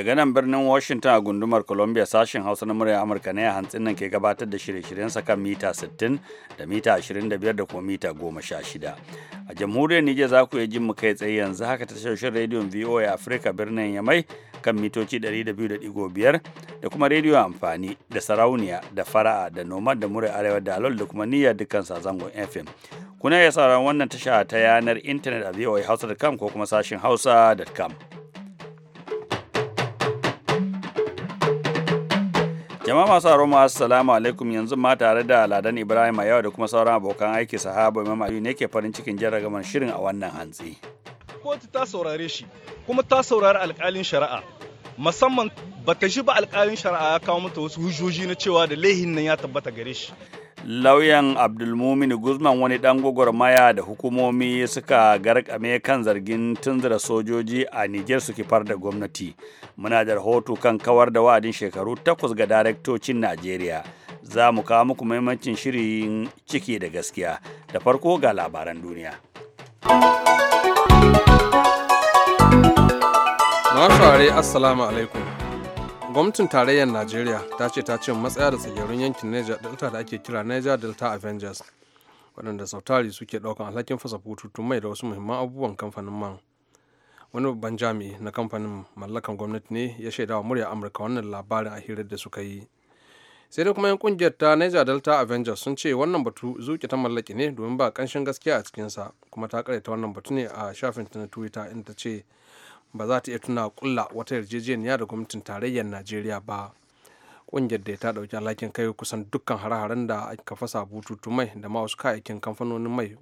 daga nan birnin washington a gundumar columbia sashen hausa na murya amurka ne a hantsin nan ke gabatar da shirye-shiryensa kan mita 60 da mita 25 da kuma mita 16 a jamhuriyar nijar za ku iya jin mu kai tsaye yanzu haka shaushin rediyon voa afirka birnin yamai kan mitoci 200.5 da kuma rediyo amfani da sarauniya da fara'a da nomad da murya arewa da alol da kuma niyyar dukkan sazangon fm kuna iya sauran wannan tasha ta yanar intanet a voa hausa.com ko kuma sashen hausa.com Jama'a masu aroma assalamu alaikum yanzu ma tare da Ladan Ibrahim a yau da kuma sauran abokan aiki sahaba Imam ali ne ke farin cikin jarragaman shirin a wannan hantsi. Kotu ta saurare shi kuma ta saurari alƙalin shari'a musamman bata shi ba alƙalin shari'a ya kawo mata wasu hujjoji na cewa da laihin nan ya tabbata gare shi lauyan abdulmumin guzman wani dan gwagwarmaya da hukumomi suka garkame kan zargin tunzura sojoji a niger su far da gwamnati muna da rahoto kan kawar da wa'adin shekaru takwas ga daraktocin najeriya za mu kawo muku maimacin shirin ciki da gaskiya da farko ga labaran duniya masu assalamu alaikum gwamnatin tarayyar najeriya ta ce ta ce matsaya da tsagerun yankin niger delta da ake kira niger delta avengers waɗanda sautari suke ɗaukan alhakin fasa bututun mai da wasu muhimman abubuwan kamfanin man wani babban jami'i na kamfanin mallakan gwamnati ne ya shaida wa murya amurka wannan labarin a hirar da suka yi sai dai kuma yan kungiyar ta niger delta avengers sun ce wannan batu "Zuke ta mallaki ne domin ba ƙanshin gaskiya a cikinsa kuma ta ta wannan batu ne a shafin shafinta na twitter inda ta ce ba za ta iya tuna kulla wata yarjejeniya da gwamnatin tarayyar najeriya ba ƙungiyar da ta ɗauki alhakin kai kusan dukkan hare-haren da aka fasa bututu mai da ma wasu kayayyakin kamfanonin mai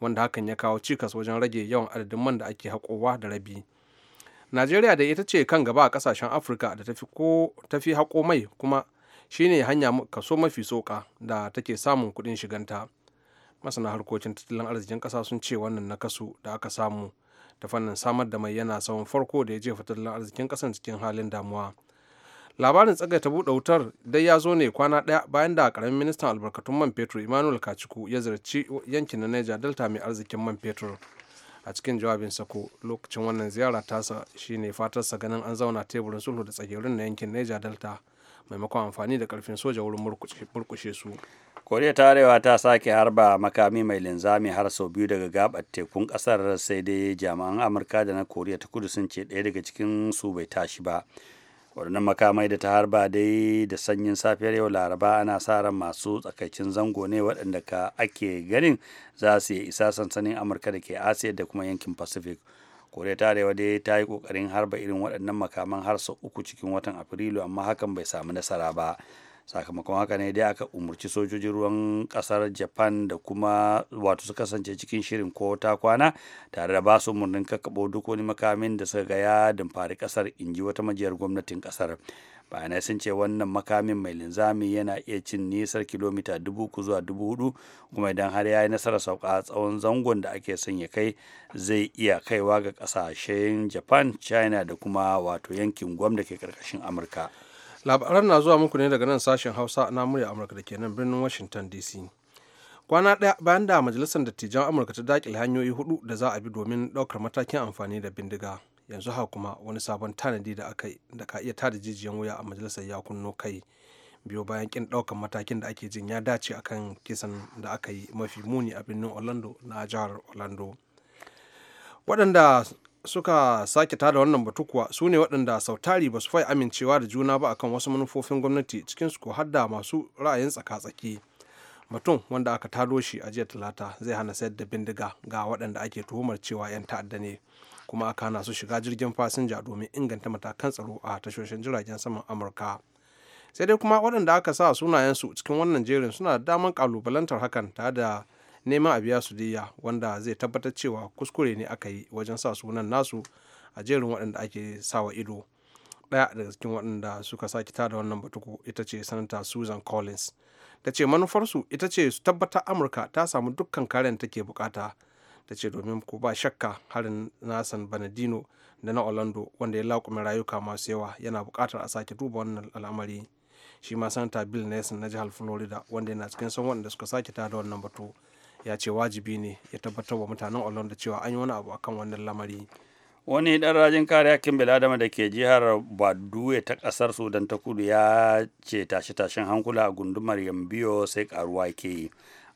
wanda hakan ya kawo cikas wajen rage yawan adadin man da ake haƙowa da rabi najeriya da ita ce kan gaba a kasashen afirka da ta fi haƙo mai kuma shine hanya kaso mafi soka da take samun kuɗin shiganta masana harkokin tattalin arzikin ƙasa sun ce wannan na kaso da aka samu ta fannin samar da mai yana tsawon farko da ya je tattalin arzikin kasan cikin halin damuwa labarin ta buɗe wutar dai ya zo ne kwana ɗaya bayan da karamin ministan albarkatun man fetur emmanuel kaciku ya ziyarci yankin na niger delta mai arzikin man fetur a cikin jawabin sako lokacin wannan ziyara tasa shine fatarsa ganin an zauna teburin sulhu da tsagerin na yankin niger delta maimakon amfani da karfin soja wurin murkushe su koriya ta arewa ta sake harba makami mai linzami har sau biyu daga gabar tekun kasar sai dai jami'an amurka da na koriya ta kudu sun ce ɗaya daga cikin su bai tashi ba waɗannan makamai da ta harba dai da sanyin safiyar yau laraba ana sa ran masu tsakaicin zango ne waɗanda ka ake ganin za su yi isa sansanin amurka da ke asiya da kuma yankin pacific koriya ta arewa dai ta yi ƙoƙarin harba irin waɗannan makaman har sau uku cikin watan afrilu amma hakan bai samu nasara ba sakamakon haka ne dai aka umarci sojojin ruwan kasar japan da kuma wato su kasance cikin shirin ko ta kwana tare da basu umarnin kakkaɓo duk wani makamin da suka ga ya dimfari kasar ji wata majiyar gwamnatin kasar bayanai sun ce wannan makamin mai linzami yana iya cin nisar kilomita dubu ku zuwa dubu hudu kuma idan har ya yi nasarar sauka tsawon zangon da ake son ya kai zai iya kaiwa ga kasashen japan china da kuma wato yankin gwam da ke karkashin amurka labaran na zuwa muku ne daga nan sashen hausa na murya amurka da ke nan birnin washington dc kwana ɗaya bayan da majalisar dattijan amurka ta dakile hanyoyi hudu da za a bi domin ɗaukar matakin amfani da bindiga yanzu haka kuma wani sabon tanadi da aka da ka iya tada jijiyan wuya a majalisar ya kunno kai biyo bayan kin ɗaukar matakin da ake jin ya dace akan kisan da aka yi mafi muni a birnin orlando na jihar orlando waɗanda suka sake tada wannan batu kuwa su ne waɗanda sautari ba su fai amincewa da juna ba akan wasu manufofin gwamnati cikin su ko har da masu ra'ayin tsaka-tsaki batun wanda aka tado shi a jiya talata zai hana sayar da bindiga ga waɗanda ake tuhumar cewa 'yan ta'adda ne kuma aka hana su shiga jirgin fasinja domin inganta matakan tsaro a tashoshin jiragen saman amurka sai dai kuma waɗanda aka sa sunayensu cikin wannan jerin suna da daman ƙalubalantar hakan tare da neman a biya su diya wanda zai tabbatar cewa kuskure ne aka yi wajen sa sunan nasu a jerin waɗanda ake sawa ido ɗaya daga cikin waɗanda suka sake tada wannan batuku ita ce sanata susan collins ta ce manufarsu ita ce su tabbatar amurka ta samu dukkan karen take bukata ta ce domin ko ba shakka harin na banadino da na orlando wanda ya laƙume rayuka masu yawa yana buƙatar a sake duba wannan al'amari shi ma sanata bill nelson na jihar florida wanda yana cikin son waɗanda suka sake da wannan batu ya ce wajibi ne ya tabbatar wa mutanen Olon da cewa an yi wani abu akan wannan lamari. Wani ɗan rajin kare hakkin biladama da ke jihar Baduwe ta kasar Sudan ta kudu ya ce tashe-tashen hankula a gundumar Yambiyo sai karuwa ke yi.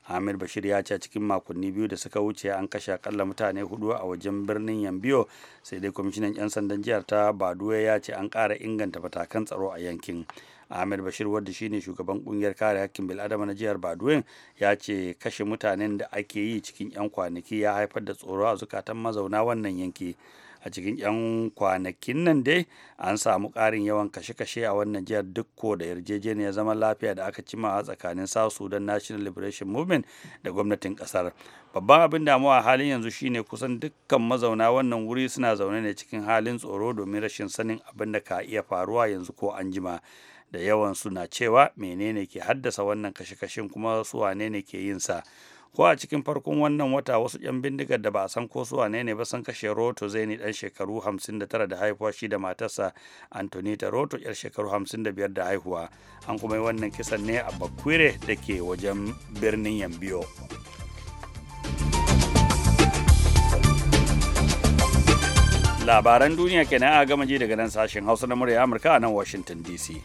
amir Bashir ya ce cikin makonni biyu da suka wuce an kashe akalla mutane hudu a wajen birnin Yambiyo sai dai kwamishinan 'yan sandan jihar ta Baduwe ya ce an ƙara inganta fatakan tsaro a yankin. ahmed bashir wanda shine shugaban kungiyar kare hakkin bil'adama na jihar baduin ya ce kashe mutanen da ake yi cikin 'yan kwanaki ya haifar da tsoro a zukatan mazauna wannan yanki a cikin 'yan kwanakin nan dai an samu ƙarin yawan kashe-kashe a wannan jihar duk ko da yarjejeniyar zaman lafiya da aka cima a tsakanin south sudan national liberation movement da gwamnatin kasar babban abin damuwa a halin yanzu shine kusan dukkan mazauna wannan wuri suna zaune ne cikin halin tsoro domin rashin sanin abin da ka iya faruwa yanzu ko anjima. da yawan suna cewa menene ke haddasa wannan kashe-kashen kuma su wane ne ke yin sa ko a cikin farkon wannan wata wasu 'yan bindigar da ba a san ko su wane ne ba san kashe roto zai zaini dan shekaru 59 da haihuwa shi da matarsa antonita roto yar shekaru 55 da haihuwa an kuma yi wannan kisan ne a bakwire da ke wajen birnin yambiyo labaran duniya kenan a gama ji daga nan sashen hausa na murya amurka a nan washington dc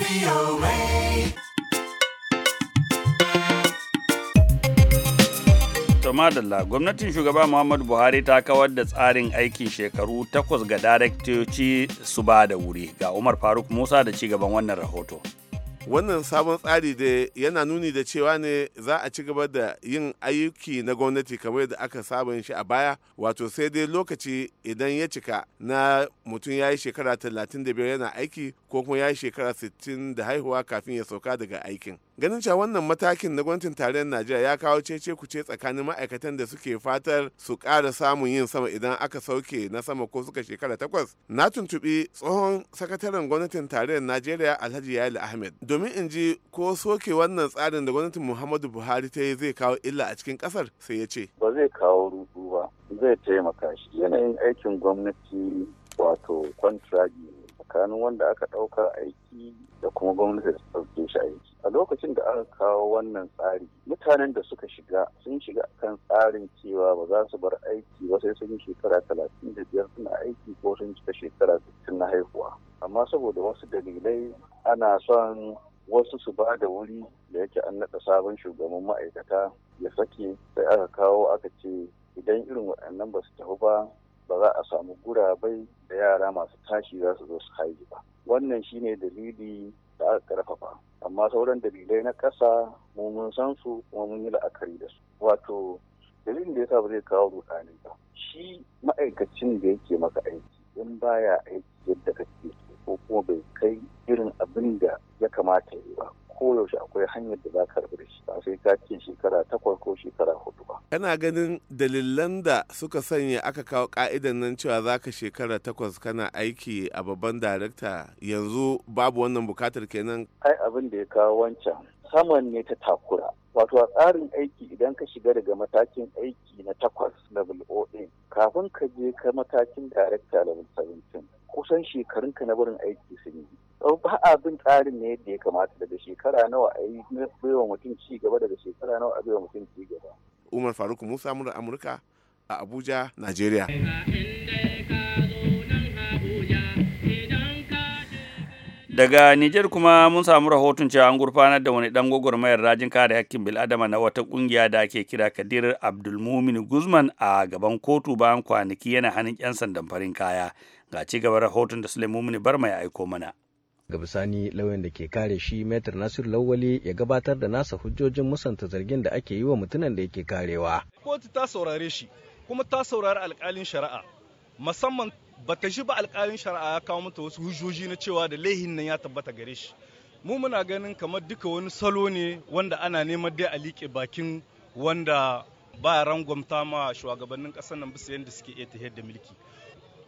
madalla gwamnatin shugaba muhammadu buhari ta kawar da tsarin aikin shekaru takwas ga daraktoci su ba da wuri ga umar faruk musa da cigaban wannan rahoto wannan sabon tsari da yana nuni da cewa ne za a ci gaba da yin ayyuki na gwamnati kamar yadda aka saba shi a baya wato sai dai lokaci idan ya cika na mutum ya yi shekara 35 yana aiki ko kuma ya yi shekara 60 da haihuwa kafin ya sauka daga aikin ganin cewa wannan matakin na gwamnatin tarayyar najeriya ya kawo cece kuce tsakanin ma'aikatan da suke fatar su ƙara samun yin sama idan aka sauke na sama ko suka shekara takwas na tuntuɓi tsohon sakataren gwamnatin tarayyar najeriya alhaji yali ahmed domin in ji ko soke wannan tsarin da gwamnatin muhammadu buhari ta yi zai kawo illa a cikin ƙasar sai ya ce ba zai kawo rubu ba zai taimaka shi yanayin aikin gwamnati wato kwantiragi tsakanin wanda aka ɗauka aiki da kuma gwamnati da ɗauke shi aiki a lokacin da aka kawo wannan tsari mutanen da suka shiga sun shiga kan tsarin cewa ba za su bar aiki ba sai sun yi shekara talatin da biyar suna aiki ko sun cika shekara sittin na haihuwa amma saboda wasu dalilai ana son wasu su ba da wuri da yake an naɗa sabon shugaban ma'aikata ya sake sai aka kawo aka ce idan irin waɗannan ba su tafi ba ba za a samu gurabai da yara masu tashi za su zo su haihu ba wannan shine dalili da aka karfafa amma sauran dalilai na ƙasa mun san su kuma mun yi la'akari da su wato dalilin da yasa ba zai kawo rudani ba shi ma'aikacin da yake maka aiki in baya aiki yadda kake ko kuma bai kai irin abin da ya kamata yi ba koyaushe akwai hanyar da za ka karbi da shi ba sai ka ce shekara takwas ko shekara hudu ba. Kana ganin dalilan da suka sanya aka kawo ka'idan nan cewa za ka shekara takwas kana aiki a babban darakta yanzu babu wannan bukatar kenan. Ai abin da ya kawo wancan saman ne ta takura. Wato a tsarin aiki idan ka shiga daga matakin aiki na takwas level OA kafin ka je ka matakin darakta level 17 kusan shekarun ka na barin aiki sun yi ba a bin tsarin ne yadda ya kamata daga shekara nawa a yi baiwa mutum ci gaba daga shekara nawa a baiwa mutum ci gaba umar faruk musa mura amurka a abuja nigeria daga Nijar kuma mun samu rahoton cewa an gurfanar da wani dan gwagwarmayar rajin kare hakkin bil'adama na wata kungiya da ake kira Kadir Abdulmumin Guzman a gaban kotu bayan kwanaki yana hannun 'yan sandan farin kaya. ga ci gaba rahoton da Suleiman Barma ya aiko mana. ga bisani lauyan da ke kare shi metar nasiru lawali ya gabatar da nasa hujjojin musanta zargin da ake yi wa mutumin da yake karewa kotu ta saurare shi kuma ta saurari alkalin shari'a musamman bata shi ba alkalin shari'a ya kawo mata wasu hujjoji na cewa da laihin nan ya tabbata gare shi mu muna ganin kamar duka wani salo ne wanda ana neman dai a liƙe bakin wanda ba rangwamta ma shugabannin ƙasar nan bisa yadda suke iya ta mulki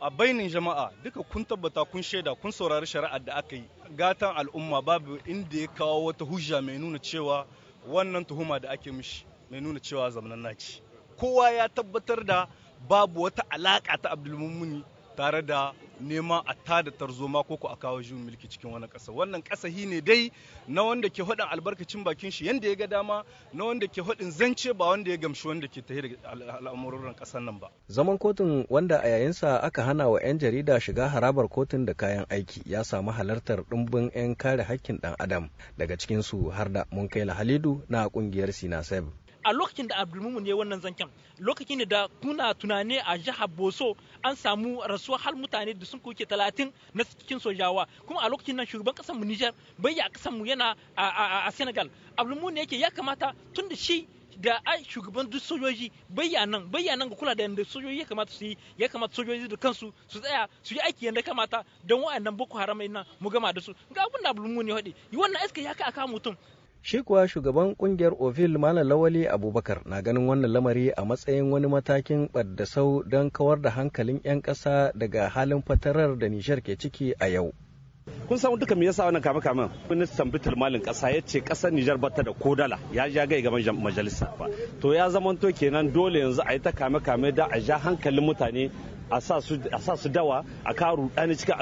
a bainin jama'a duka kun tabbata kun shaida kun saurari shari'ar da aka yi gatan al'umma babu inda ya kawo wata hujja mai nuna cewa wannan tuhuma da ake mishi mai nuna cewa zamanan naci kowa ya tabbatar da babu wata alaka ta abdulmumuni tare da nema a tada tarzoma ko a kawo juyin mulki cikin wani ƙasa wannan hi ne dai na wanda ke hudin albarkacin bakin shi yanda ya ga dama na wanda ke hudin zance ba wanda ya gamshi wanda ke tahi da al'amuran kasar nan ba zaman kotun wanda a yayinsa aka hana wa 'yan jarida shiga harabar kotun da kayan aiki ya samu halartar ɗumbin 'yan kare hakkin ɗan adam daga cikinsu har da mun munkaila halidu na ƙungiyar sinasab. a lokacin da abdulmumun ya wannan zancen lokacin da kuna tunani a jihar boso an samu rasuwa har mutane da sun kuke talatin na cikin sojawa kuma a lokacin nan shugaban kasar mu nijar bai ya kasar mu yana a senegal abdulmumun yake ya kamata tun da shi da ai shugaban duk sojoji bayanan nan ga kula da yadda sojoji ya kamata su yi ya kamata sojoji da kansu su tsaya su yi aiki yadda kamata don wa'annan boko haram nan mu gama da su ga abin da bulmu ne hadi wannan iska ya ka aka mutum Shi kuwa shugaban kungiyar Ovil Malam Lawali Abubakar na ganin wannan lamari a matsayin wani matakin sau don kawar da hankalin 'yan kasa daga halin fatarar da Nijar ke ciki a yau. kun san duka me yasa wannan kama kama ministan bitul malin kasa ya ce kasar Nijar bata da ko dala ya ja gai gaban majalisa ba to ya zamanto kenan dole yanzu a yi ta kame kame da a ja hankalin mutane a sa su dawa a karu ɗani cikin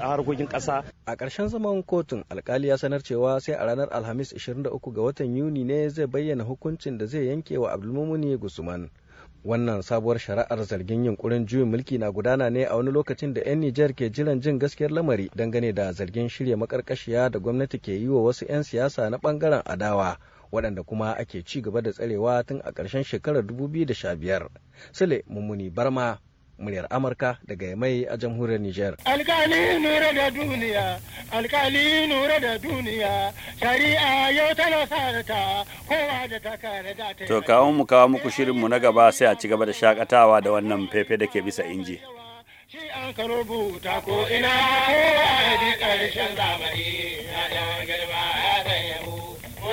harkokin ƙasa. A ƙarshen zaman kotun alkali ya sanar cewa sai a ranar Alhamis 23 ga watan Yuni ne zai bayyana hukuncin da zai yanke wa Abdulmumuni Gusman. Wannan sabuwar shari'ar zargin yunkurin juyin mulki na gudana ne a wani lokacin da 'yan Nijar ke jiran jin gaskiyar lamari dangane da zargin shirya makarkashiya da gwamnati ke yi wa wasu 'yan siyasa na bangaren adawa. waɗanda kuma ake ci gaba da tsarewa tun a ƙarshen shekarar 2015. Sule Mummuni Barma, muryar Amurka daga mai a jamhuriyar niger. Alkali nura da duniya, alkali nura da duniya, shari'a yau ta sarata, kowa da ta kare da ta To kawo mu kawo muku shirin mu na gaba sai a ci gaba da shakatawa da wannan fefe da ke bisa inji. Shi an rubuta ko ko eh, zamani,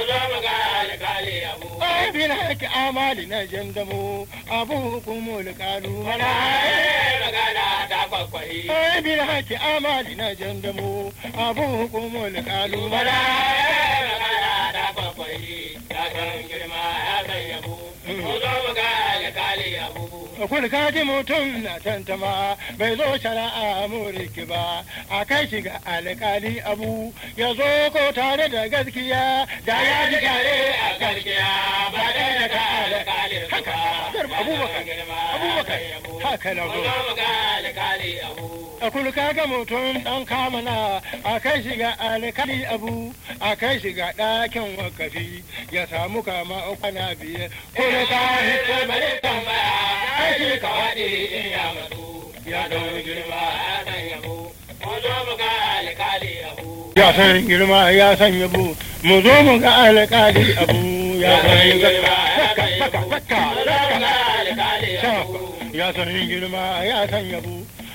zo mu ga ya kare mu. Abin haka amali na jan damu abu hukumu da kalu. Mana ya magana ta kwakwari. amali na abu hukumu da kalu. Mana kun kakan mutum na tantama bai zo shari'a muriki ba a kai shi ga abu ya zo ko tare da gaskiya da ya ji tare a gaskiya ba da haka garba abubakar abubakar haka na zo a kaga mutum dan kamana a shiga alkali abu a shiga ɗakin wakafi ya samu kama kwana biye kun ka hito tambaya kai shi ka waɗi in ya matsu ya ɗau girma ya ɗan yabo kun zo mu ga ya san girma ya san yabo mu zo mu ga alkali abu ya san girma ya san girma ya san yabo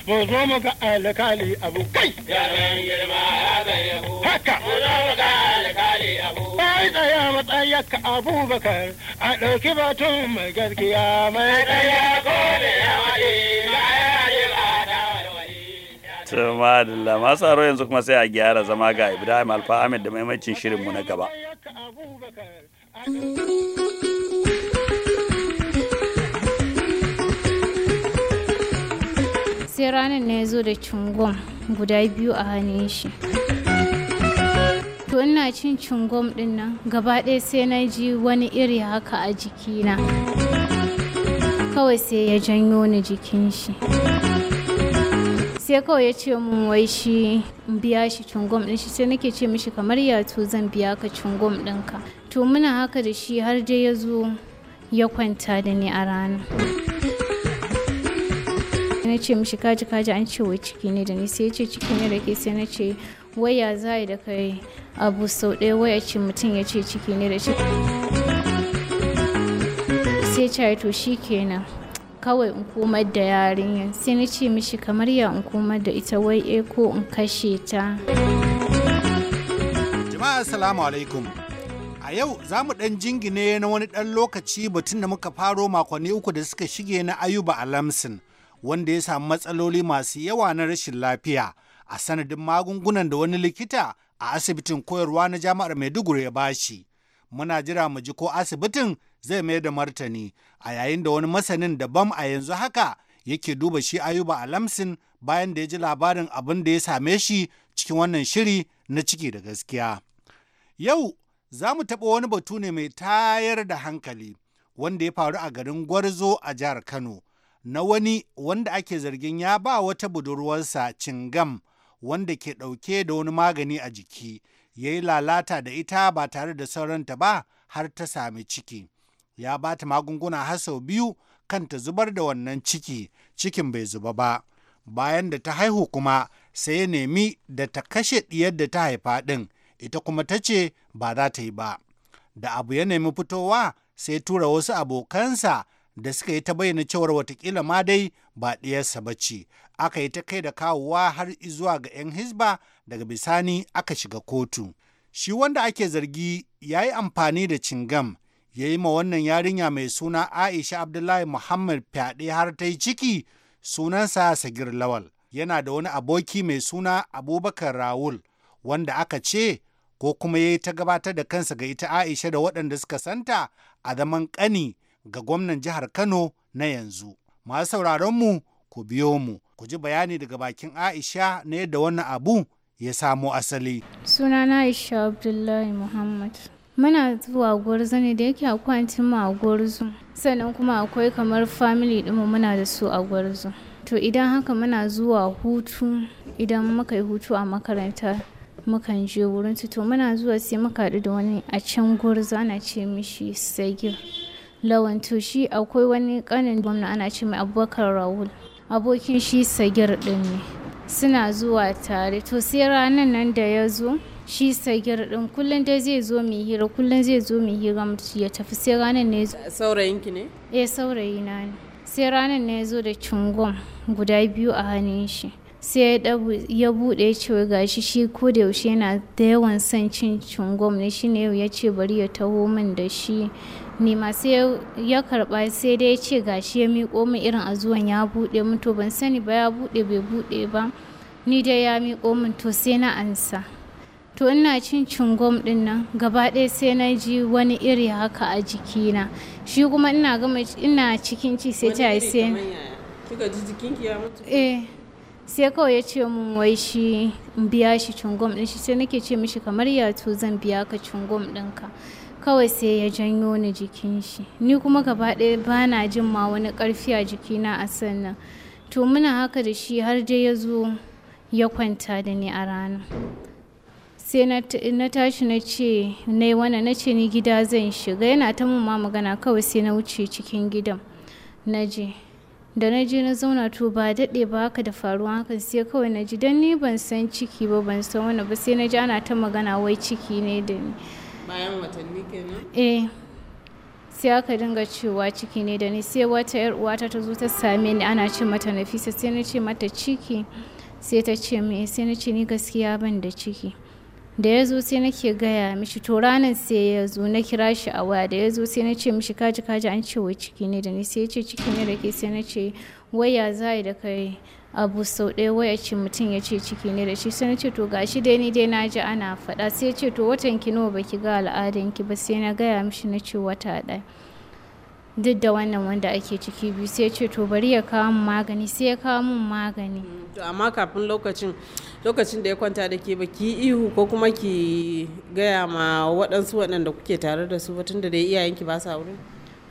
mu zo mu ga alkali abu kai ya san girma ya san yabo haka mu zo mu ga alkali abu bai tsaya matsayaka abubakar a ɗauki batun mai gaskiya mai tsaya ko da yawa ne ma tsaro yanzu kuma sai a gyara zama ga Ibrahim Alfa Ahmed da maimacin shirinmu na gaba. sai ranar na ya zo da cingom guda biyu a hannun shi to ina cin cingom din nan gaba ɗaya sai na ji wani iri haka a jikina kawai sai ya janyo ni jikin shi sai kawai ya ce mun wai shi biya shi cungom din shi sai nake ce mishi kamar ya to zan biya ka din ɗinka to muna haka da shi har dai ya zo ya kwanta da ni a rana sai na ce mishi kaji kaji an ce wai ciki ne da ni sai ya ce ciki ne da ke sai na ce waya za yi da kai abu sau ɗaya waya ce mutum ya ce ciki ne da ciki sai ce to shi kenan kawai in komar da yarinyar sai na ce mishi kamar ya in komar da ita wai e ko in kashe ta jama'a assalamu alaikum a yau za mu ɗan jingine na wani ɗan lokaci batun da muka faro makonni uku da suka shige na ayuba alamsin wanda ya samu matsaloli masu yawa na rashin lafiya a sanadin magungunan da wani likita a asibitin koyarwa na jami'ar Maiduguri ya bashi. Muna jira mu ji ko asibitin zai mai da martani a yayin da wani masanin daban a yanzu haka yake duba shi Ayuba a Lamsin bayan da ya ji labarin abin da ya same shi cikin wannan shiri na ciki da gaskiya. Yau za mu taɓa wani batu ne mai tayar da hankali wanda ya faru a garin Gwarzo a jihar Kano. na wani wanda ake zargin ya ba wata budurwarsa cingam wanda ke ɗauke da wani magani a jiki ya yi lalata da ita ba tare da sauranta ba har ta sami ciki ya ba ta magunguna har sau biyu kan ta zubar da wannan ciki cikin bai zuba ba bayan da ta haihu kuma sai ya nemi da ta kashe ɗiyar da ta haifa ɗin ita kuma ta ce ba za ta yi ba da abu ya nemi fitowa sai tura wasu abokansa da suka yi ta bayyana cewar watakila ma dai ba ɗiyarsa ba ce aka yi ta kai da kawowa har zuwa ga 'yan hisba daga bisani aka shiga kotu shi wanda ake zargi ya yi amfani da cingam ya yi ma wannan yarinya mai suna aisha abdullahi muhammad fyaɗe har ta yi ciki sunansa sagir lawal yana da wani aboki mai suna abubakar rawul wanda aka ce ko kuma ya yi ta gabatar da kansa ga ita aisha da waɗanda suka santa a zaman ƙani ga gwamnan jihar Kano na yanzu. Masu sauraron mu ku biyo mu, ku ji bayani daga bakin Aisha na yadda wannan abu ya samo asali. Sunana Aisha Abdullahi Muhammad. muna zuwa gwarzo ne da yake a kwantin mu a gwarzo sannan kuma akwai kamar family ɗinmu muna da su a gwarzo to idan haka muna zuwa hutu idan muka yi hutu a makaranta mukan je wurin to muna zuwa sai muka haɗu da wani a can gwarzo ana ce mishi sagir lawan to shi akwai wani kanin gwamna ana ce mai abubakar rawul. abokin shi sagir din ne suna zuwa tare to sai ranar nan da ya zo shi sagir din kullum dai zai zo mai hira kullum zai zo mai hira ya tafi sai ranar ne saurayinki ne eh saurayi na ne sai ranar ne ya zo da cungom guda biyu a hannun shi sai ya buɗe cewa gashi shi ko da yaushe yana da yawan son cin cungom ne shi ne ya ce bari ya taho min da shi ne masu ya karba sai dai ce gashi ya miƙo min irin a zuwan ya buɗe mun to ban sani ba ya buɗe bai buɗe ba ni dai ya miƙo min to sai na ansa to ina cin cingom din nan gaba ɗaya sai na ji wani iri haka a jikina shi kuma ina gama ina cikin ci sai ta sai eh, sai kawai ya ce mun wai shi biya shi cingom din shi sai nake ce mishi kamar ya to zan biya ka cingom ɗinka kawai sai ya janyo ni jikin shi ni kuma gaba ɗaya ba na jin ma wani ƙarfi a jikina a sannan to muna haka da shi har dai ya zo ya kwanta da ni a rana sai na tashi na ce na yi wannan na ce ni gida zan shiga yana ta mun ma magana kawai sai na wuce cikin gidan na je da na je na zauna to ba daɗe ba haka da faruwa haka sai kawai na ji don ni ban san ciki ba ban san wani ba sai na ji ana ta magana wai ciki ne da ni bayan watanni kenan eh sai aka dinga cewa ciki ne da ni sai wata yar uwa ta zo ta same ni ana ce mata nafisa sai na ce mata ciki sai ta ce mai sai na ce ni gaskiya ban da ciki da ya zo sai nake gaya mishi to ranar sai ya zo na kira shi a waya da ya zo sai na ce mishi kaji kaji an ce wai ciki ne da ni sai ya ce ciki ne da ke sai na ce wai ya za da kai abu sau ɗaya waya ce mutum ya ce ciki ne da shi sai na ce to gashi dai ni dai na ji ana faɗa sai ya ce to watan ki nawa baki ga al'adan ki ba sai na gaya mishi na ce wata ɗaya duk da wannan wanda ake ciki biyu sai ya ce to bari ya kawo min magani sai ya kawo min magani mm, to amma kafin lokacin lokacin da ya kwanta da ke baki ihu ko kuma ki gaya ma waɗansu waɗanda kuke tare da su batun da dai iyayenki ba sa wurin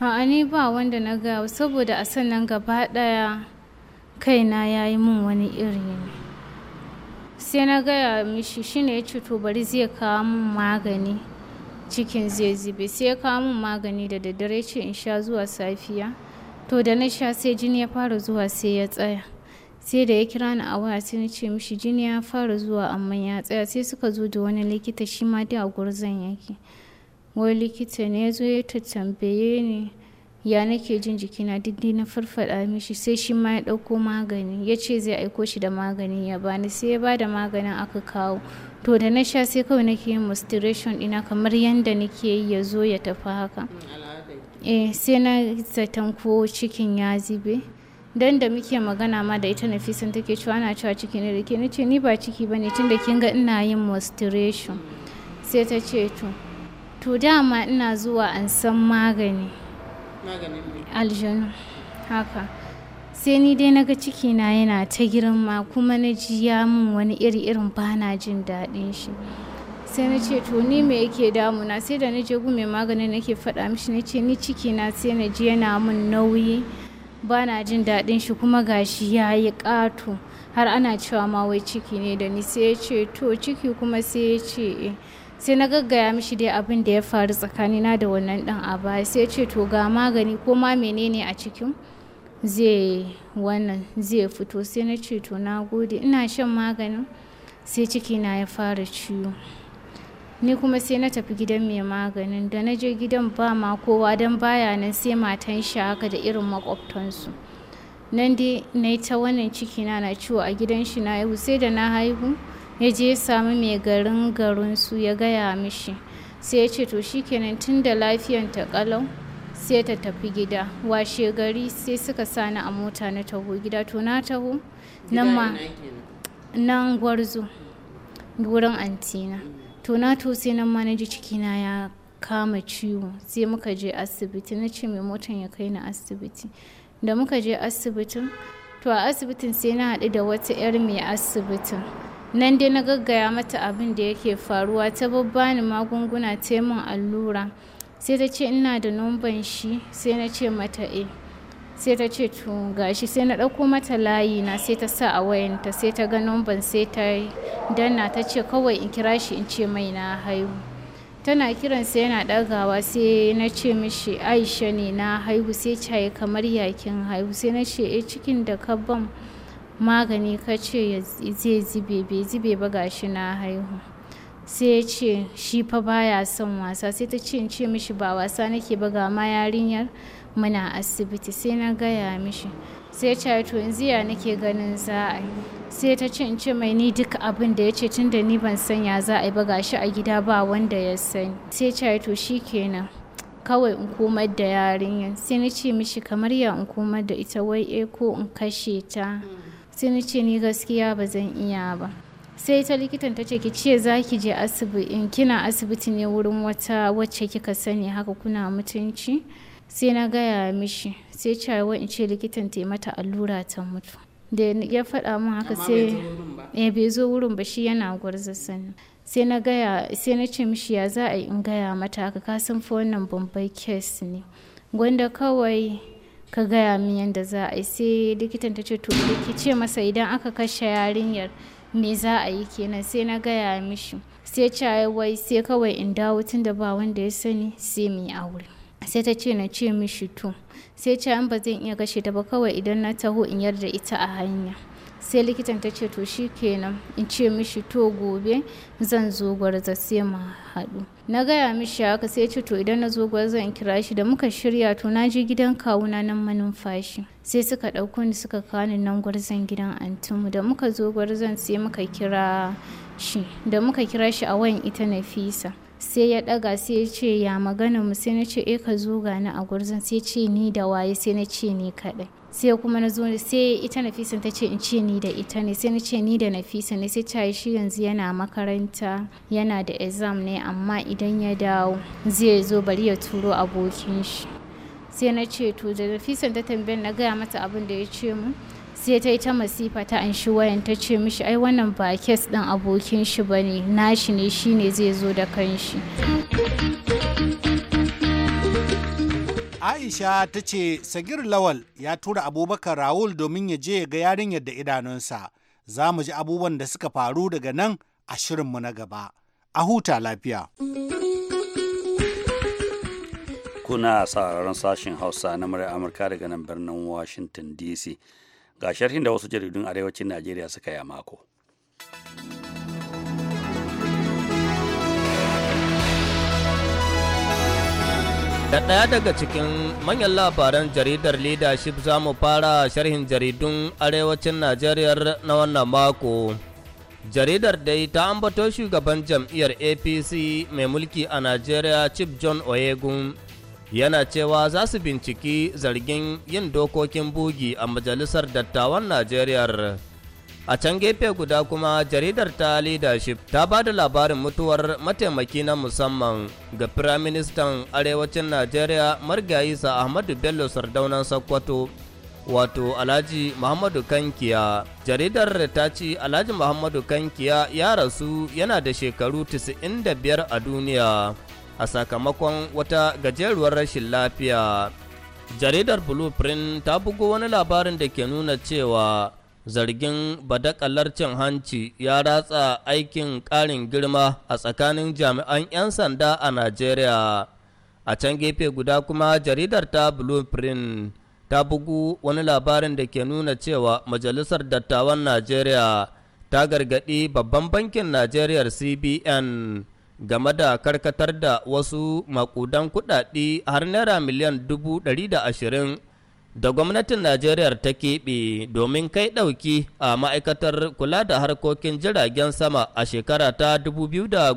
a'a ni ba wanda na gaya saboda a sannan gaba ɗaya kaina ya yi min wani iri ne sai na gaya mishi shine ya ce to bari zai kawo min magani cikin zai zube sai ya kawo min magani da daddare ce in sha zuwa safiya to da na sha sai jini ya fara zuwa sai ya tsaya sai da ya kira ni a waya sai na ce mishi jini ya fara zuwa amma ya tsaya sai suka zo da wani likita shi ma dai a gurzan yake wai likita ne ya zo ya tattambaye ni ya nake jin jiki jikina diddi na farfada mishi sai shi ma ya ɗauko magani ya ce zai aiko shi da magani ya bani sai ya bada maganin aka kawo to da na sha sai kawai nake yin masturation ina kamar yadda nake yi ya zo ya tafi haka mm, eh sai na zaton ko cikin ya zube dan da muke magana ma da ita nafisan take cewa ana cewa ciki ne da ke nace ni ba ciki bane tunda kin ga ina yin masturation sai ta ce to to dama ina zuwa an san magani aljanu haka sai ni dai naga cikina yana ta girma kuma na ji ya min wani iri irin bana jin daɗin shi sai na ce to ni me yake damuna sai da na je gume maganin nake faɗa mishi na ce ni cikina sai na ji yana min nauyi bana jin daɗin shi kuma gashi ya yi ƙato har ana cewa ma wai ciki ne da ni sai ya ce to ciki kuma sai ya ce eh. sai na gaggaya mishi dai abin da ya faru tsakanina da wannan dan a baya sai ce to ga magani ko ma menene a cikin zai wannan zai fito sai na ce to na gode ina shan maganin sai cikina ya fara ciwo ni kuma sai na tafi gidan mai maganin da na je gidan ba ma kowa don baya nan sai matan shi haka da irin makwabtansu nan dai na yi ta wannan cikina na ciwo a gidan shi na haihu sai da na haihu ya je ya sami mai garin garinsu ya gaya mishi sai ya ce to shikenan tun da lafiyan ta kalau sai ta tafi gida washe gari sai suka sani a mota na taho gida to na taho nan gwarzo wurin antina to na to sai nan ma na ji cikina ya kama ciwo sai muka je asibiti na ce mai motan ya kai na asibiti da muka je asibitin to a asibitin sai na haɗu da wata 'yar mai asibitin nan dai na gaggaya mata abin da yake faruwa ta ni magunguna ta yi min allura sai ta ce ina da numban shi sai na ce mata e sai ta ce to gashi sai na ɗauko mata layi na sai ta sa a wayanta sai ta ga numban sai ta danna ta ce kawai in kira shi in ce mai na haihu tana kiran sai yana ɗagawa sai na ce mishi aisha ne na haihu sai caye kamar yakin haihu sai na ce e cikin da ka bam magani ka ce zai zube bai zube ba gashi na haihu sai ya ce shi fa baya son wasa sai ta ce ce mishi ba wasa nake ba ga ma yarinyar muna asibiti sai na gaya mishi sai ce to in ziya nake ganin za a yi sai ta ce ce mai ni duk abin da ya ce tun da ni ban sanya za a yi ba gashi a gida ba wanda ya sani sai ce to shi kenan kawai in komar da yarinyar sai na ce mishi kamar ya in komar da ita wai eh ko in kashe ta mm. sai ni ce ni gaskiya ba zan iya ba sai ta likitan ta ce ki ce za ki je asibiti kina asibiti ne wurin wata wacce kika sani haka kuna mutunci sai na gaya mishi sai cewa in ce likitan ta mata allura ta mutu da ya faɗa min haka sai ya eh, bai zo wurin ba shi yana gwarza sani sai na gaya sai na ce mishi ya za a yi in gaya mata haka kasan fa wannan bombay case ne gwanda kawai ka gaya min yadda za a yi sai likitan ta ce to ce masa idan aka kashe yarinyar me za a yi kenan sai na gaya mishi sai ce wai sai kawai in dawo tun da ba wanda ya sani sai mu yi aure sai ta ce na ce mishi to sai ce ba zan iya kashe ta ba kawai idan na taho in yarda ita a hanya sai likitan ta ce to shi kenan in ce mishi to gobe zan zo gwarza sai mu haɗu na gaya mishi haka sai ce to idan na zo gwarza in kira shi da muka shirya to na je gidan kawuna nan manumfashi sai suka ɗauko ni suka kawo ni nan gwarzan gidan antinmu da muka zo gwarzan sai muka kira shi da muka kira shi a wayan ita nafisa sai ya ɗaga sai ya ce ya magana mu sai na ce eh ka zo gani a gurzon sai ce ni da waye sai na ce ni kadai sai kuma na zo sai ita nafisa ta ce in ce ni da ita ne sai na ce ni da nafisa ne sai ta shi yanzu yana makaranta yana da exam ne amma idan ya dawo zai zo bari ya turo abokin shi sai na ce to da nafisa ta tambayar na gaya mata abin da ya ce mu sai ta yi ta masifa ta anshi shi wayan ta ce mishi ai wannan ba kes ɗin abokin shi ba ne nashi ne shi ne zai zo da kanshi aisha ta ce sagir lawal ya tura abubakar rawul domin ya je ya ga yarinyar da idanunsa za mu ji abubuwan da suka faru daga nan a shirinmu na gaba a huta lafiya kuna sauraron sashen hausa na murar amurka daga nan birnin washington dc ga sharhin da wasu jaridun arewacin najeriya suka yi a mako Da ɗaya daga cikin manyan labaran jaridar leadership za mu fara sharhin jaridun arewacin Najeriya na wannan mako. Jaridar dai ta ambato shugaban jam'iyyar APC mai mulki a Najeriya Chief John Oyegun yana cewa za su binciki zargin yin dokokin bugi a majalisar dattawan najeriya a can gefe guda kuma jaridar ta leadership ta ba da labarin mutuwar mataimaki na musamman ga firaministan arewacin najeriya margayisa ahmadu bello sardaunan sokoto wato alhaji muhammadu kankiya jaridar ta ce alhaji muhammadu kankiya ya rasu yana da shekaru 95 a duniya a sakamakon wata gajeruwar rashin lafiya. Jaridar Blueprint ta bugu wani labarin da ke nuna cewa zargin badakalar cin hanci ya ratsa aikin ƙarin girma a tsakanin jami'an 'yan sanda a Najeriya. A can gefe guda kuma jaridar ta Blueprint ta bugu wani labarin da ke nuna cewa Majalisar Dattawan Najeriya ta gargadi Babban Bankin Najeriya CBN game da karkatar da wasu makudan kudade har naira miliyan dubu ɗari da ashirin da gwamnatin najeriya ta keɓe domin kai ɗauki a ma'aikatar kula da harkokin jiragen sama a shekara ta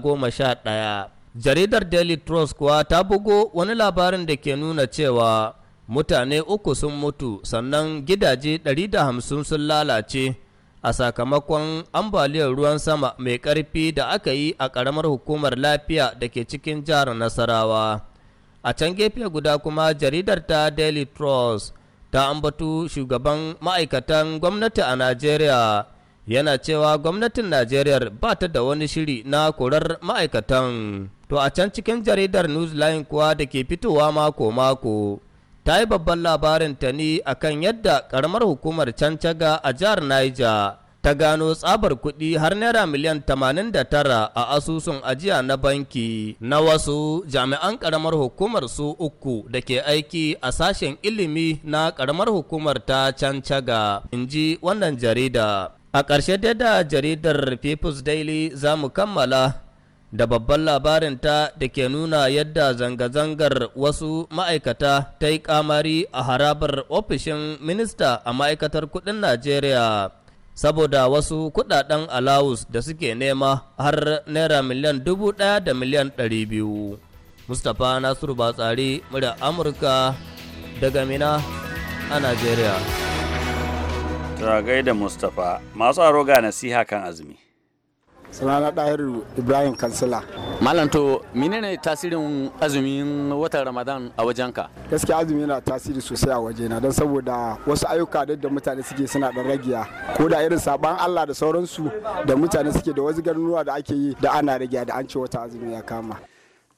goma sha ɗaya. jaridar daily trust kuwa ta bugo wani labarin da ke nuna cewa mutane uku sun mutu sannan gidaje da 150 sun lalace a sakamakon ambaliyar ruwan sama mai ƙarfi da aka yi a ƙaramar hukumar lafiya da ke cikin jihar Nasarawa. A can gefe guda kuma jaridar ta Daily Trust ta ambatu shugaban ma'aikatan gwamnati a Najeriya yana cewa gwamnatin Najeriya ba ta da wani shiri na korar ma'aikatan. To a can cikin jaridar Newsline kuwa da ke fitowa mako-mako. ta yi babban labarin ta ne akan yadda karamar hukumar cancaga a jihar Niger ta gano tsabar kuɗi har naira miliyan 89 a asusun ajiya na banki na wasu jami'an karamar hukumar su uku da ke aiki a sashen ilimi na karamar hukumar ta cancaga in ji wannan jarida a ƙarshe da jaridar people's daily za mu kammala da babban labarinta da ke nuna yadda zanga-zangar wasu ma'aikata ta yi kamari a harabar ofishin minista a ma'aikatar kudin Najeriya saboda wasu kudaden alawus da suke nema har naira miliyan dubu daya da miliyan ɗari biyu. Mustapha Nasiru Batsari murya Amurka daga Mina a Najeriya. Turagai da Mustapha masu aro ga nasiha kan azumi. sunana ɗahiru ibrahim kansila malam to menene tasirin azumin watan ramadan a wajenka gaskiya azumi yana tasiri sosai a wajena don saboda wasu ayyuka da mutane suke suna dan ragiya ko da irin saban allah da sauransu da mutane suke da wasu ganuwa da ake yi da ana ragiya da an ce wata azumi ya kama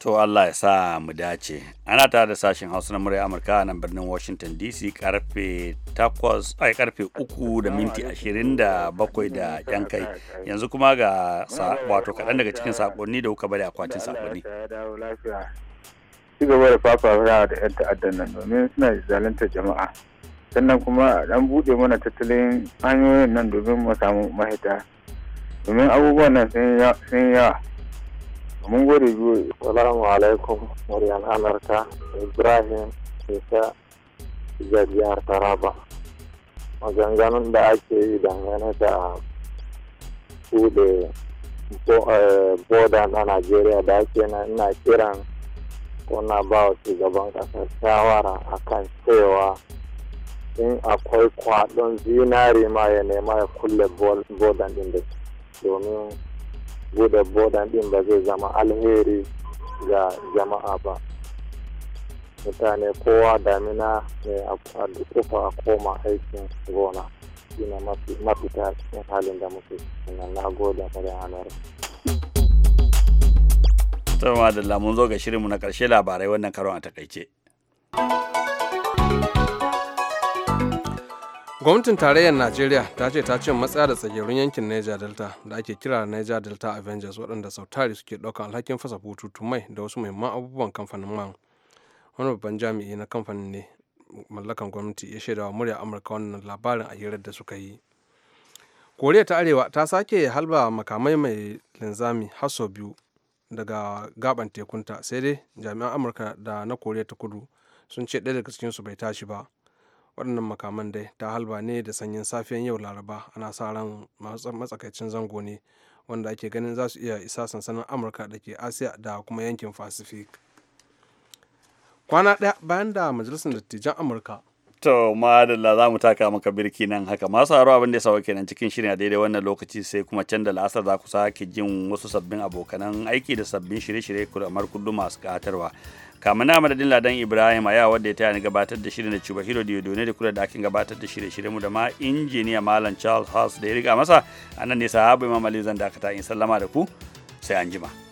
To Allah ya sa mu dace. Ana tare da sashen Hausa na murya Amurka nan birnin Washington DC karfe 8 ai karfe 3 da minti 27 da yan kai. Yanzu kuma ga wato kaɗan daga cikin sakonni da kuka bari akwatin sakonni. Ci gaba da fafawa da 'yan ta'addan nan domin suna zalunta jama'a. Sannan kuma dan buɗe mana tattalin hanyoyin nan domin mu samu mahita. Domin abubuwan nan sun yawa. mun gode biyu salamu alaikum muryan amurka ibrahim isa da jihar taraba maganganun da ake yi dangane da bude eh, boda na najeriya da ake na ina kiran kuna ba wa shugaban kasar shawara akan cewa in akwai kwadon zinari ma ya nema ya kulle bodan din da domin buɗe bodan ɗin ba zai zama alheri ga jama'a ba mutane kowa damina ne eh, a a koma aikin gona shine mafita cikin halin da muke sannan na gode da hanar Tsawa da lamun zo ga shirinmu na ƙarshe labarai wannan karon a takaice. gwamnatin tarayyar najeriya ta ce ta cin matsaya da tsagerun yankin niger delta da ake kira niger delta avengers waɗanda sautari suke ɗaukar alhakin fasa bututun mai da wasu muhimman abubuwan kamfanin man wani babban jami'i na kamfanin ne mallakan gwamnati ya shaidawa murya amurka wannan labarin a hirar da suka yi koriya ta arewa ta sake halba makamai mai linzami har sau biyu daga gaban tekunta sai dai jami'an amurka da na koriya ta kudu sun ce ɗaya daga cikinsu bai tashi ba waɗannan makaman dai ta halba ne da sanyin safiyan yau laraba ana sa ran matsakaicin zango ne wanda ake ganin za su iya isa sansanin amurka da ke asiya da kuma yankin pacific kwana ɗaya bayan da majalisar dattijan amurka To madalla za mu taka maka birki nan haka masu haro abin da ya sawa kenan cikin shirin a daidai wannan lokaci sai kuma can da la'asar za ku sake jin wasu sabbin abokanan aiki da sabbin shirye-shirye kamar kullum masu katarwa. kamar na madadin ladan ibrahim a yawa wadda ya taya ni gabatar da shirin da cuba hiro da yodone da kula da akin gabatar da shirye shirye mu da ma injiniya malam charles house da ya riga masa a nan ne sahabu imam ali zan dakata in sallama da ku sai an jima.